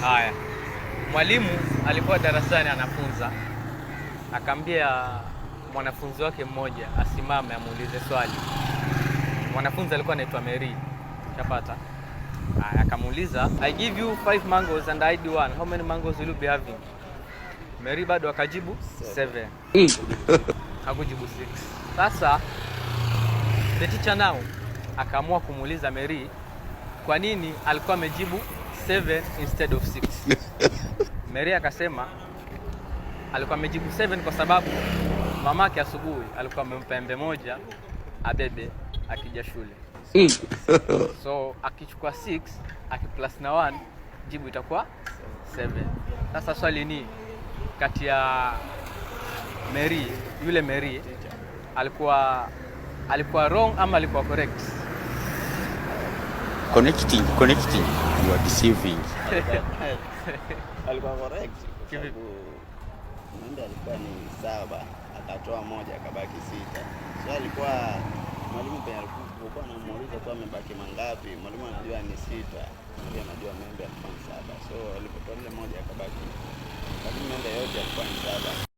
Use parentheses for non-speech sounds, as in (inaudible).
Haya, mwalimu alikuwa darasani anafunza, akaambia mwanafunzi wake mmoja asimame amuulize swali. Mwanafunzi alikuwa anaitwa Mary, chapata. Haya, akamuuliza I give you five mangoes and I do one. How many mangoes will you be having? Mary bado akajibu seven. (laughs) Hakujibu six. Sasa the teacher now akaamua kumuuliza Mary kwa nini alikuwa amejibu seven instead of six. (laughs) Mary akasema alikuwa amejibu seven kwa sababu mamake asubuhi alikuwa amempa embe moja abebe akija shule mm. so, (laughs) so akichukua six akiplus na one jibu itakuwa seven. Sasa swali ni kati ya Mary, yule Mary alikuwa alikuwa wrong ama alikuwa correct? Connecting, connecting. You are deceiving. (laughs) Alikuwa correct. Mwende alikuwa ni saba, akatoa moja akabaki sita. So alikuwa mwalimu penye alikuwa anamuuliza kwa amebaki mangapi, mwalimu anajua ni sita. Mwalimu anajua Membe alikuwa ni saba. So alipotoa ile moja akabaki. Lakini Membe yote alikuwa ni saba.